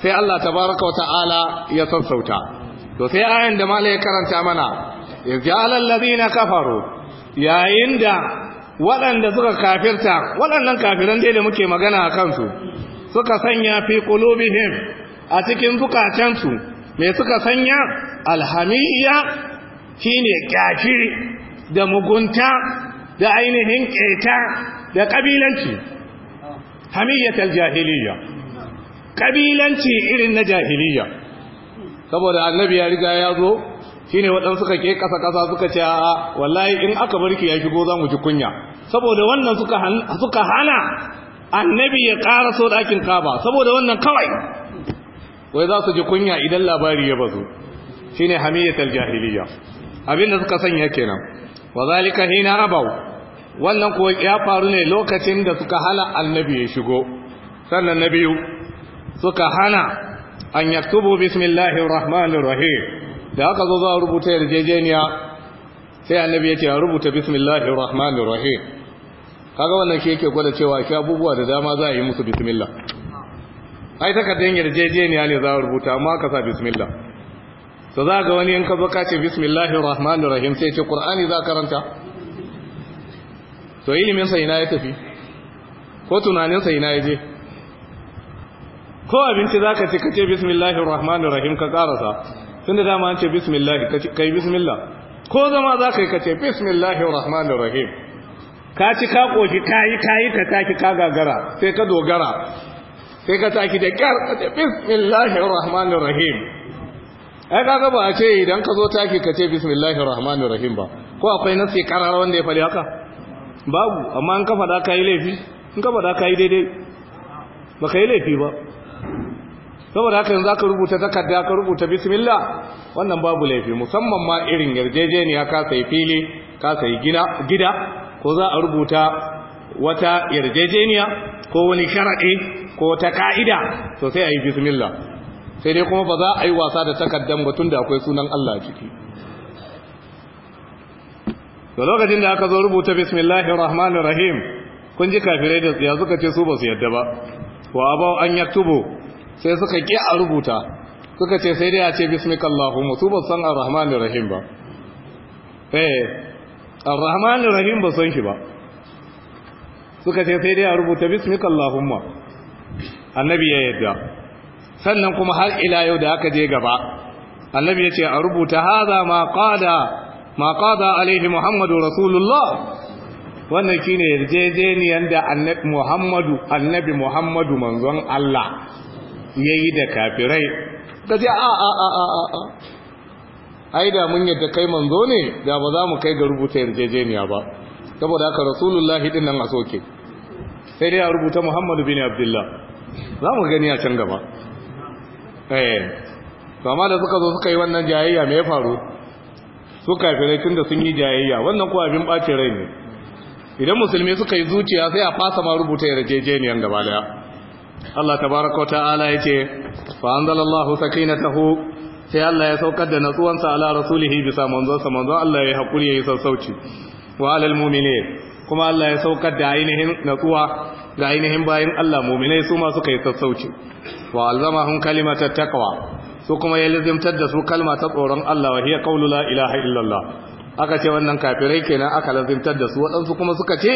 sai Allah tabaraka wa ta'ala ya sassauta to sai ayan da malai karanta mana izjalal ladina kafaru yayin da waɗanda suka kafirta waɗannan kafiran dai da muke magana a kansu suka sanya fi qulubihim a cikin zukatansu mai suka sanya alhamiyya shine kyashi da mugunta da ainihin keta da kabilanci hamiyyatul jahiliya. kabilanci irin na jahiliyya saboda annabi ya riga ya zo shine waɗansu suka ke ƙasa ƙasa suka ce a'a wallahi in aka barki ya shigo za mu ji kunya saboda wannan suka hana annabi ya ƙara so ɗakin kaba saboda wannan kawai wai za su ji kunya idan labari ya bazu shine hamiyatul jahiliya da suka sanya kenan wa zalika hina abaw wannan kuwa ya faru ne lokacin da suka hana annabi ya shigo sannan na biyu suka hana an yaktubu bismillahir rahmanir rahim da aka zo za a rubuta yarjejeniya sai annabi ya ce a rubuta bismillahir rahmanir rahim kaga wannan shi yake gwada cewa ki abubuwa da dama za a yi musu bismillah ai kadan yarjejeniya ne za a rubuta amma ka sa bismillah to za ga wani in ka zo ka ce bismillahir rahmanir rahim sai ce qur'ani za karanta to ilimin sa ina ya tafi ko tunanin sa ina ya je ko abinci zaka ci ka ce bismillahir rahmanir rahim ka karasa tunda dama an ce bismillah kai bismillah ko zama za ka yi ka ce rahman rahmanir rahim ka ci ka koshi ka yi ka yi ka taki ka gagara sai ka dogara sai ka taki da kyar ka ce bismillahir rahmanir rahim ai ga ba a ce idan ka zo taki ka ce bismillahir rahmanir rahim ba ko akwai nasi karar wanda ya faɗi haka babu amma an ka faɗa ka yi laifi in ka faɗa ka yi daidai ba ka yi laifi ba saboda haka yanzu aka rubuta takarda aka rubuta bismillah wannan babu laifi musamman ma irin yarjejeniya ka sai fili ka sai gida ko za a rubuta wata yarjejeniya ko wani sharaɗi ko ta ka'ida to sai a yi bismillah sai dai kuma ba za a yi wasa da takardan ba tunda da akwai sunan Allah a ciki da lokacin da aka zo rubuta bismillahir rahmanir rahim kun ji kafirai da tsiya suka ce su ba su yadda ba wa abau an yaktubu sai suka ƙi a rubuta suka ce sai dai a ce bismikallahumma su ba san arrahmanir rahim ba eh al-rahman arrahmanir rahim ba san shi ba suka ce sai dai a rubuta ma annabi ya yadda sannan kuma har ila yau da aka je gaba annabi ya ce a rubuta haza ma qada ma qada alaihi muhammadu rasulullah wannan shine yarjejeniyan da annabi muhammadu annabi muhammadu manzon Allah ya yi da kafirai gaji a a a a a ai da mun yadda kai manzo ne da ba za mu kai ga rubuta yarjejeniya ba saboda haka rasulullahi hidin nan a soke sai dai a rubuta muhammadu bin abdullah za mu gani a can gaba eh to amma da suka zo suka yi wannan jayayya me ya faru su kafirai tunda sun yi jayayya wannan kuwa abin ɓace rai ne idan musulmi suka yi zuciya sai a fasa ma rubuta yarjejeniyan gaba daya Allah tabaraka ta'ala yace fa anzalallahu sakinatahu sai Allah ya saukar da natsuwansa ala rasulihi bisa manzonsa manzon Allah ya hakuri yayi sassauci wa alal mu'minin kuma Allah ya saukar da ainihin natsuwa ga ainihin bayin Allah mu'minai su ma suka yi sassauci wa alzamahum kalimatat taqwa su kuma ya lazimtar da su kalma ta tsoron Allah wa hiya qawlu la ilaha illallah aka ce wannan kafirai kenan aka lazimtar da su waɗansu kuma suka ce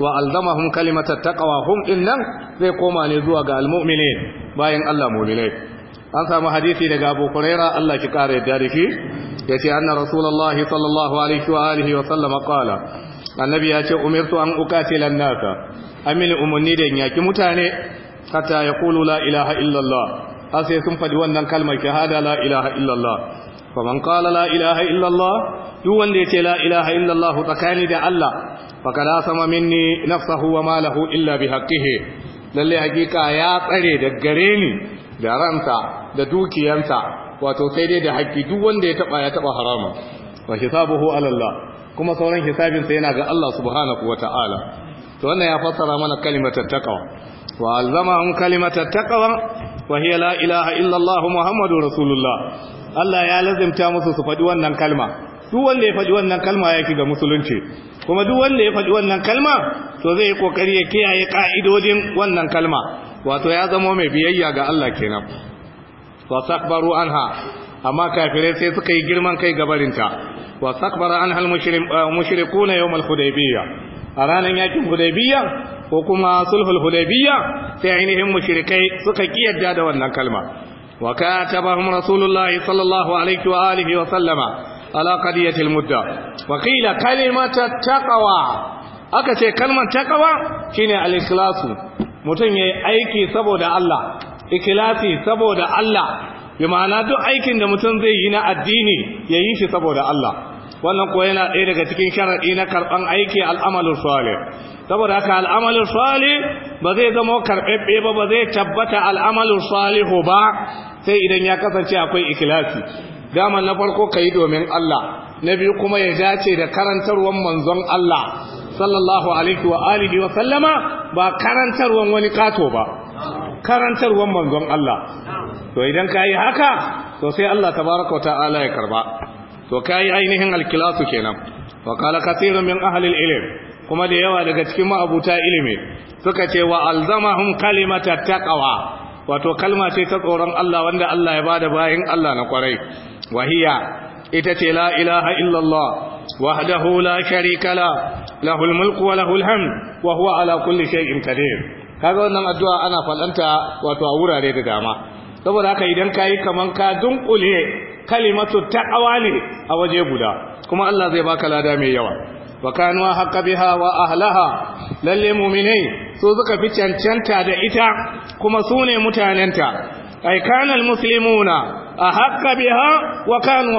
wa alzamahum kalimatat taqwa hum innan zai koma ne zuwa ga almu'minin bayan Allah mu'minai an samu hadisi daga Abu Hurairah Allah ki kare yadda da shi yace anna rasulullahi sallallahu alaihi wa alihi wa sallam qala annabi ya ce umirtu an uqatila an-nasa amini umunni da yaki mutane hatta yaqulu la ilaha illallah har sai sun faɗi wannan kalmar shahada la ilaha illallah faman qala la ilaha illallah duk wanda yace la ilaha illallah tsakani da Allah faqad asama minni nafsahu wa malahu illa bihaqqihi lalle hakika ya tsare da gareni ni da ranta da dukiyansa wato sai dai da haƙƙi duk wanda ya taba ya taba harama wa hisabuhu ala Allah kuma sauran hisabinsa yana ga Allah subhanahu wataala to wannan ya fassara mana kalimatar taqwa wa alzama an kalimatar taqwa wa hiya la ilaha illa Allah muhammadur rasulullah Allah ya lazimta musu su faɗi wannan kalma duk wanda ya faɗi wannan kalma ya ga musulunci kuma duk wanda ya faɗi wannan kalma to zai yi kokari ya kiyaye ka'idojin wannan kalma wato ya zama mai biyayya ga Allah kenan wa sakbaru anha amma kafirai sai suka yi girman kai gabarinta wa sakbara anha al eh, yawm al-hudaybiyya a ranar yakin hudaybiyya ko kuma sulhul hudaybiyya sai ainihin mushrikai suka kiyarda da wannan kalma وكاتبهم رسول الله صلى الله عليه وآله وسلم على قضية المدة وقيل كلمة التقوى أكثر كلمة التقوى شنع الإخلاص متن أيكي سبو دا الله إخلاصي سبو دا الله بمعنى دو أيكي دا متن زي هنا الديني يعيش سبو دا الله wannan ko yana ɗaya daga cikin sharaɗi na karɓan aiki al'amalin salih saboda haka al'amalin salih ba zai zama karɓaɓɓe ba ba zai tabbata al'amalin salihu ba sai idan ya kasance akwai ikhlasi daman na farko kai domin Allah na biyu kuma ya dace da karantarwar manzon Allah sallallahu alaihi wa alihi wa sallama ba karantarwar wani kato ba karantarwar manzon Allah to idan kai haka to sai Allah tabaaraka ta'ala ya karba to kai ainihin alkilasu kenan wa qala kathirun min ahli ilm kuma da yawa daga cikin ma'abuta ilimi suka ce wa alzamahum kalimata taqwa wato kalma ce ta tsoron Allah wanda Allah ya bada bayin Allah na kwarai wahiya ita ce la ilaha illallah wahdahu la sharika la lahul mulku wa lahul hamd wa huwa ala kulli shay'in qadir kaga wannan addu'a ana falanta wato a wurare da dama saboda haka idan kayi kaman ka dunkule kalimatu taqwa ne a waje guda kuma Allah zai baka lada mai yawa wa kanu haqqa biha wa ahlaha lalle mu'minai su suka fi cancanta da ita kuma su ne mutanenta ai kanal muslimuna a haƙƙa biha wa kanu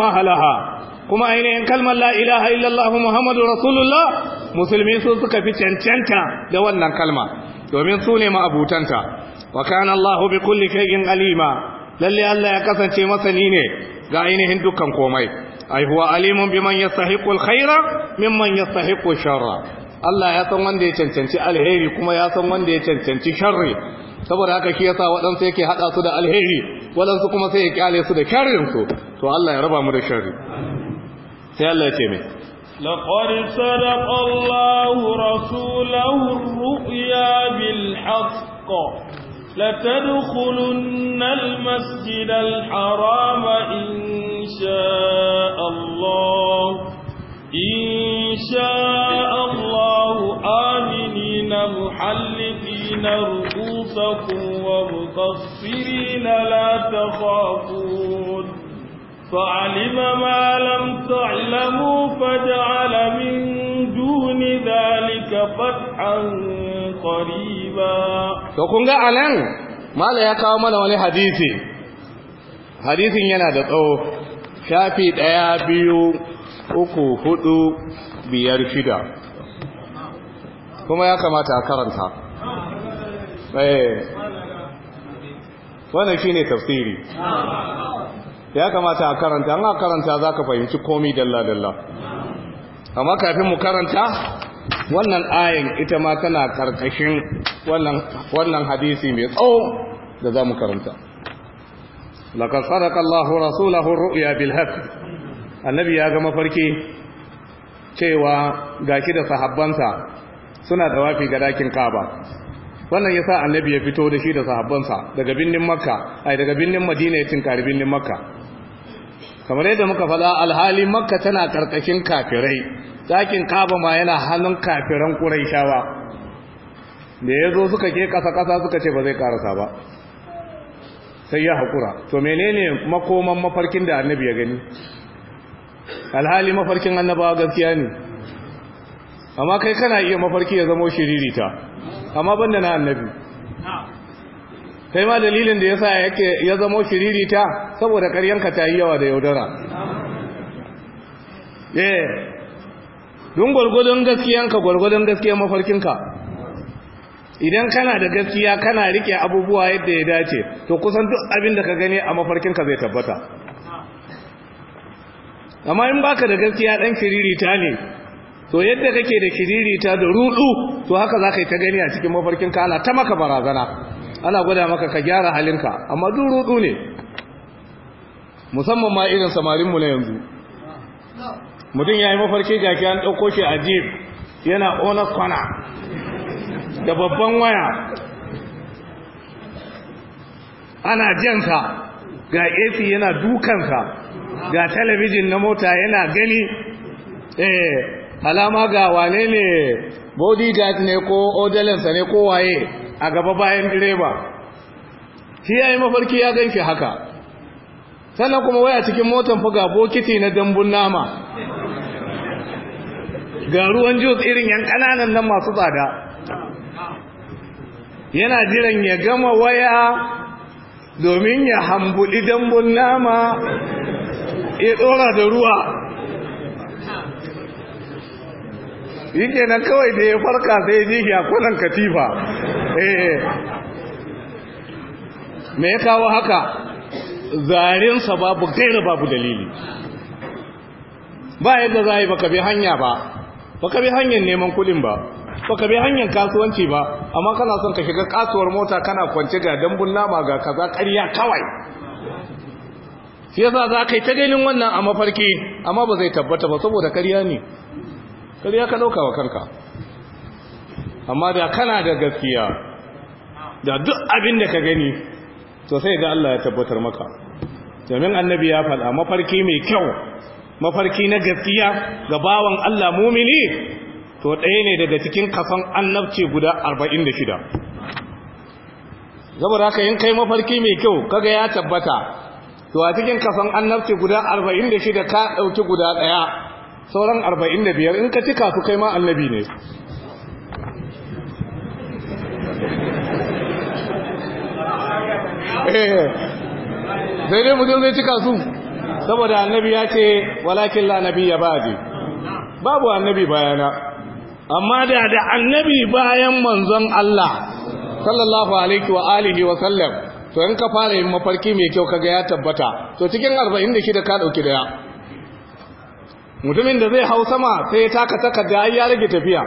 kuma ainihin kalmar la ilaha illallah muhammadu rasulullah musulmi su suka fi cancanta da wannan kalma domin su ne ma'abutanta wa kana allah bi kulli shay'in alima lalle allah ya kasance masani ne ga ainihin dukkan komai ai huwa alimun biman yastahiqu alkhaira mimman yastahiqu sharra Allah ya san wanda ya cancanci alheri kuma ya san wanda ya cancanci sharri saboda haka shi yasa waɗansu yake haɗa su da alheri waɗansu kuma sai ya kyale su da sharrin su to Allah ya raba mu da sharri sai Allah ya ce mai لقد صدق الله رسوله الرؤيا بالحق لتدخلن المسجد الحرام إن شاء الله إن شاء الله آمنين محلقين رؤوسكم ومقصرين لا تخافون فعلم ما لم تعلموا فجعل من دون ذلك فتحا قريبا فكون ألان ما لا يقام له حديثي حديث ينا دقوه شافي ديابيو uku hudu biyar shida kuma ya kamata a karanta eh. wannan shi ne tafsiri ya kamata a karanta an karanta za ka fahimci komi dalla-dalla amma kafin mu karanta wannan ayin ita ma tana karkashin wannan hadisi mai tsawo da za mu karanta لقد صدق الله رسوله الرؤيا بالحق annabi ya ga mafarki cewa gaki da sahabbansa suna tawafi ga dakin kaba wannan ya sa annabi ya fito da shi da sahabbansa daga binnin makka ai daga binnin madina ya tinkari binnin makka kamar yadda muka faɗa alhali makka tana karkashin kafirai dakin kaba ma yana hannun kafiran quraishawa da yazo suka ke kasa kasa suka ce ba zai karasa ba sai ya hakura to menene makoman mafarkin da annabi ya gani alhali mafarkin annabawa gaskiya ne amma kai kana iya mafarki ya zama shiririta amma banda na annabi sai ma dalilin da yasa yake ya zama shiririta saboda karyanka ta yi yawa da yaudara eh don gwargwadon gaskiyanka gwargwadon gaskiyan mafarkinka idan kana da gaskiya kana rike abubuwa yadda ya dace to kusan duk abin da ka gani a mafarkinka zai tabbata amma in baka da gaskiya dan kiririta ne to yadda kake da kiririta da rudu to haka za ka yi ta gani a cikin mafarkin ka ana ta maka barazana ana gwada maka ka gyara halinka amma duk rudu ne musamman ma irin samarin mu na yanzu mutum ya yi mafarki ga an ɗauko shi a jeep yana ona kwana da babban waya ana jansa ga ac yana dukansa ga talabijin na mota yana gani eh alama ga wane ne bodyguard ne ko odalansa ne ko waye a gaba bayan direba shi ya yi mafarki ya ganke haka sannan kuma waya cikin motan fuga bokiti na dambun nama ga ruwan jus irin yan kananan nan masu tsada yana jiran ya gama waya domin ya hambuli dambun nama ya tsora da ruwa yi kenan kawai da ya farka sai ya jihi a katifa eh. me ya kawo haka zarinsa babu gaira babu dalili ba yadda za a yi baka bi hanya ba baka bi hanyar neman kudin ba baka bi hanyar kasuwanci ba amma kana son ka shiga kasuwar mota kana kwance ga dambun nama ga kaza karya kawai shi yasa za ka yi ta ganin wannan a mafarki amma ba zai tabbata ba saboda karya ne karya ka dauka wa kanka amma da kana da gaskiya da duk abin da ka gani to sai ga Allah ya tabbatar maka domin annabi ya faɗa mafarki mai kyau mafarki na gaskiya ga bawan Allah mumini to ɗaya ne daga cikin kafan annabci guda arba'in 46 saboda haka in kai mafarki mai kyau kaga ya tabbata to a cikin kasan annabci guda 46 ka dauki guda daya sauran 45 in ka cika su kai ma annabi ne eh, sai dai mutum zai cika su saboda annabi ya ce walakin la nabi ya baji babu annabi bayana amma da da annabi bayan manzon Allah sallallahu alaihi wa alihi wa sallam to in ka fara yin mafarki mai kyau kaga ya tabbata to cikin 46 ka dauki daya mutumin da zai hau sama sai ya taka takarda ai ya rage tafiya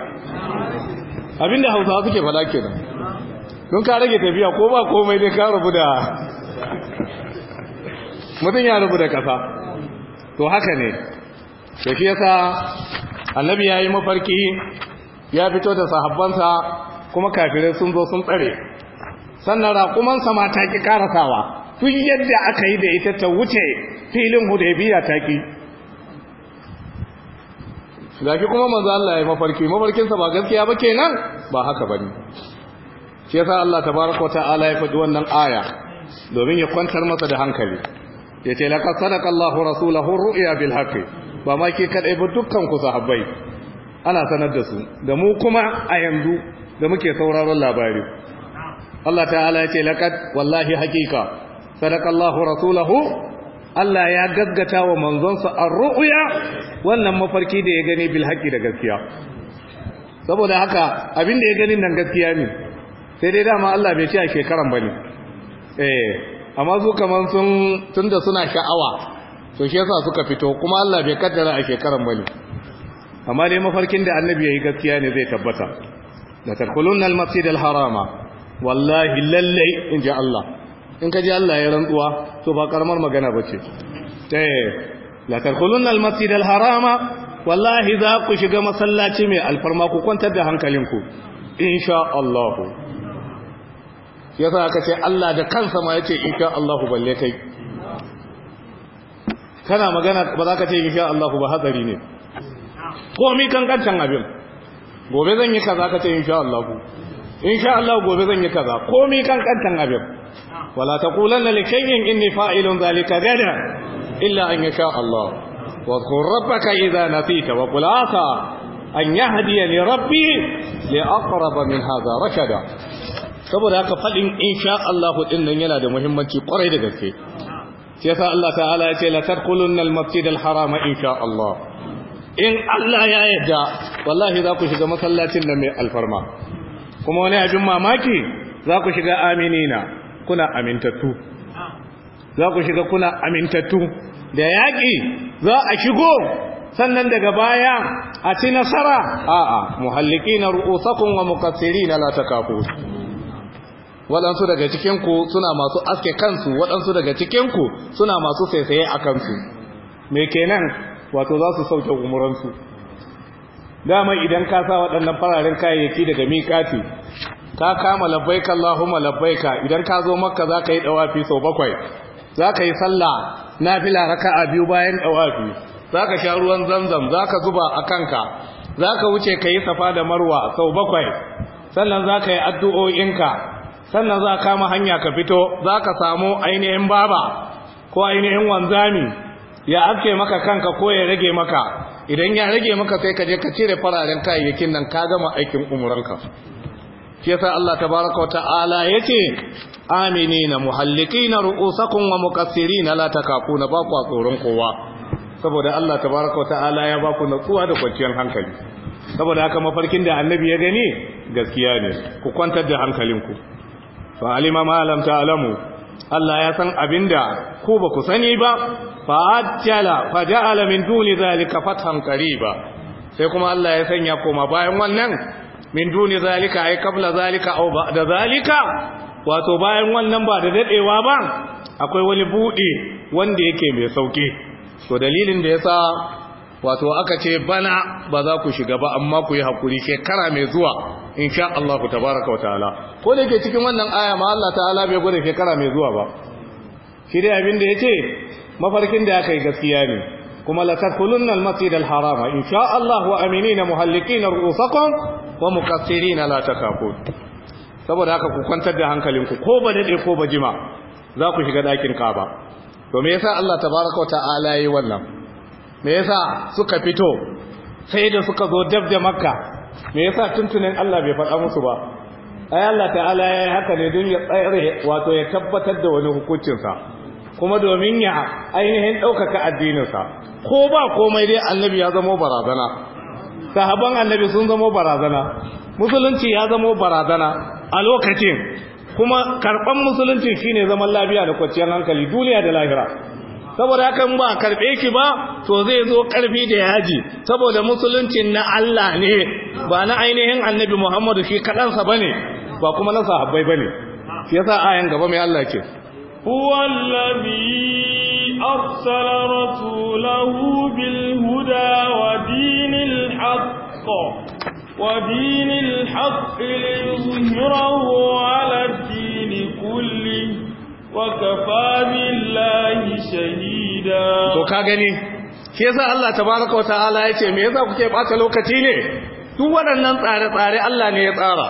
abinda hausawa suke fada kenan don ka rage tafiya ko ba komai dai ka rubu da mutum ya rubu da kasa to haka ne da shi yasa annabi ya yi mafarki ya fito da sahabbansa kuma kafirai sun zo sun tsare sannan raƙumansa ma ta ƙi ƙarasawa tun yadda aka yi da ita ta wuce filin hudaybiya ta ƙi zafi kuma manzo Allah ya mafarki mafarkinsa ba gaskiya ba kenan ba haka bane shi yasa Allah tabaraka wa ta'ala ya faɗi wannan aya domin ya kwantar masa da hankali Ya ce laqad sadaqa Allahu rasulahu ru'ya bil haqqi ba ma ke kadai ba dukkan ku sahabbai ana sanar da su da mu kuma a yanzu da muke sauraron labari Allah ta'ala ya ce laqad wallahi haqiqa Allahu, rasulahu Allah ya gaggata wa manzonsa ar-ru'ya wannan mafarki da ya gani bil haqqi da gaskiya saboda haka abin da ya gani nan gaskiya ne sai dai dama Allah bai ci a shekaran bane eh amma su kaman sun tunda suna sha'awa to shi yasa suka fito kuma Allah bai kaddara a shekaran bane amma dai mafarkin da annabi ya yi gaskiya ne zai tabbata la tadkhulunna al-masjid al-harama wallahi lallai in ji Allah in ka ji Allah ya rantsuwa to ba karamar magana ba ce ta eh, yi latarkulun almasjid harama, wallahi za ku shiga masallaci mai alfarma ku kwantar da hankalinku insha Allah sa ka ce Allah da kansa ma yace insha Allah balle kai kana magana ba za ka ce insha Allah ba hatsari ne komi kankancan abin gobe zan yi kaza ka ce insha Allah insha Allah gobe zan yi kaza komai kankantan abin wala taqulanna li shay'in inni fa'ilun zalika gada illa an yasha Allah wa qur rabbaka idza nasita wa qul asa an yahdiya li rabbi li aqrab min hadha rashada saboda haka fadin insha Allah din nan yana da muhimmanci kwarai da gaske sai yasa Allah ta'ala ya ce la tadkhulunna al-masjid al-haram insha Allah in Allah ya yarda wallahi za ku shiga masallacin nan mai alfarma kuma wani abin mamaki za ku shiga aminina kuna amintattu za ku shiga kuna amintattu da yaƙi za a shigo sannan daga baya a ci nasara a'a muhalliki na ru'usakun wa mukassiri na latakafu waɗansu daga cikinku suna masu aske kansu waɗansu daga cikinku suna masu saisaye a kansu me kenan wato za su sauke umuransu dama idan ka sa waɗannan fararen kayayyaki daga miƙati ka kama labbaika Allahumma labbaika idan ka zo makka za ka yi ɗawafi sau bakwai za ka yi sallah laraka a biyu bayan ɗawafi za ka sha ruwan zamzam za ka zuba a kanka za ka wuce ka yi safa da marwa sau bakwai sannan za ka yi addu'o'inka sannan za ka kama hanya ka fito za ka samu ainihin baba ko ainihin wanzami ya afke maka kanka ko ya rage maka idan ya rage maka sai ka je ka cire fararen kayayyakin nan ka gama aikin umuranka shi yasa Allah tabaraka wa ta'ala yace aminina muhallikina ru'usakum wa muqassirina la takafuna ba ku tsoron kowa saboda Allah tabaraka wa ya ba ku natsuwa da kwanciyar hankali saboda haka mafarkin da annabi ya gani gaskiya ne ku kwantar da hankalinku fa alima ma lam ta'lamu Allah ya san abinda ku ba ku sani ba fa'ajjala faja'ala min duni zalika fatan qariba sai kuma Allah ya sanya koma bayan wannan min duni zalika ai kafla zalika aw ba'da zalika wato bayan wannan ba da daɗewa ba akwai wani buɗe wanda yake mai sauki to dalilin da ya sa wato aka ce bana ba za ku shiga ba amma ku yi hakuri shekara mai zuwa insha Allah tabaraka wa ta'ala ko da yake cikin wannan aya ma Allah ta'ala bai gwada shekara mai zuwa ba shi dai abin da ce. mafarkin da aka yi gaskiya ne kuma latadkhulunna al-masjid al-harama insha Allah wa aminina muhallikina ru'usakum wa muqassirina la takafun saboda haka ku kwantar da hankalinku ko ba dade ko ba jima za ku shiga dakin Kaaba to me yasa Allah tabaaraka wa ta'ala yi wannan me yasa suka fito sai da suka zo dab da Makka me yasa tuntunin Allah bai faɗa musu ba ai Allah ta'ala yayi haka ne don ya tsare wato ya tabbatar da wani hukuncinsa kuma domin ya ainihin ɗaukaka addininsa ko ba komai dai annabi ya zamo barazana sahaban annabi sun zamo barazana musulunci ya zamo barazana a lokacin kuma karɓan musulunci shine zaman lafiya da kwanciyar hankali duniya da lahira saboda haka ba karɓe ki ba to zai zo ƙarfi da yaji saboda musuluncin na Allah ne ba na ainihin annabi Muhammadu shi kaɗansa ba ne ba kuma na sahabbai ba ne shi yasa ayan gaba mai Allah ke. هو الذي أرسل رسوله بالهدى ودين الحق ودين الحق ليظهره على الدين كله وكفى بالله شهيدا to ka gani shi yasa Allah ta tabaraka wataala yace me yasa kuke bata lokaci ne duk waɗannan tsare-tsare Allah ne ya tsara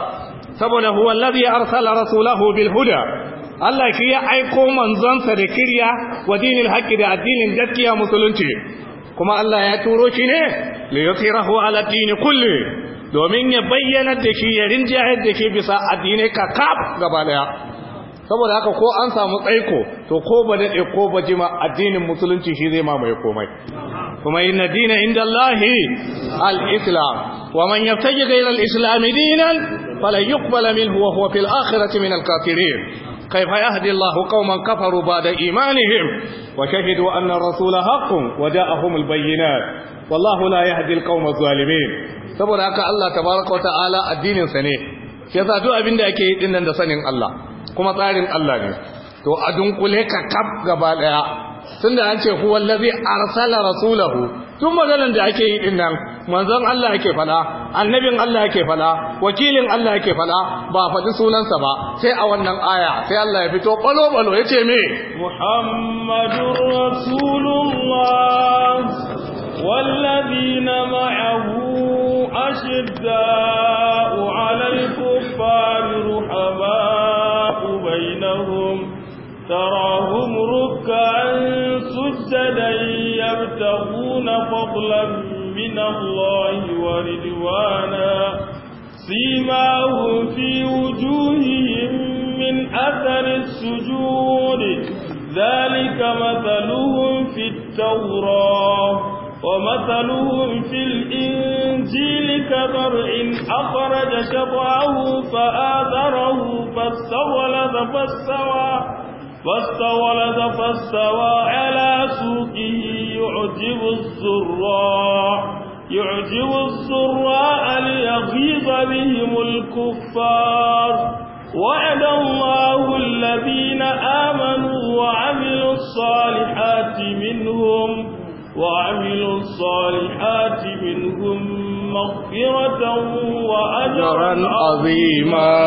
saboda huwa allazi arsala rasulahu bil huda Allah shi ya aiko manzonsa da kirya wa dinil haqqi da addinin gaskiya musulunci kuma Allah ya turo shi ne li yutirahu ala dini kulli domin ya bayyana da shi ya rinjayar da shi bisa addinai ka kaf gaba daya saboda haka ko an samu tsaiko to ko ba dade ko ba jima addinin musulunci shi zai mamaye komai kuma inna dina inda Allah al-islam wa man yabtaji ghayra al-islam dinan falan yuqbala minhu wa huwa fil akhirati min al-kafirin كيف يهدي الله قوما كفروا بعد إيمانهم وشهدوا أن الرسول حق وجاءهم البينات والله لا يهدي القوم الظالمين saboda haka Allah tabaraka wa ta'ala addinin sa ne shi yasa duk abin da ake yi din nan da sanin Allah kuma tsarin Allah ne to a dunkule ka kaf gaba daya tunda an ce huwa allazi arsala rasulahu tun maganar da ake yi dinnan, manzon Allah yake fada annabin Allah yake fada wakilin Allah yake fada ba faɗi sunansa ba sai a wannan aya sai Allah ya fito balo balo yace me Muhammadur Rasulullah wallazina ma'ahu ashidda'u 'alal kuffari ruhama'u bainahum tarahum ruk'an sujjadan يبتغون فضلا من الله ورضوانا سيماهم في وجوههم من أثر السجود ذلك مثلهم في التوراة ومثلهم في الإنجيل إن أخرج شطعه فآذره فاستولد فاستوى فاستولد فاستوى على سوقه يعجب الزراع يعجب الزراع ليغيظ بهم الكفار وعد الله الذين آمنوا وعملوا الصالحات منهم وعملوا الصالحات منهم مغفرة وأجرا عظيما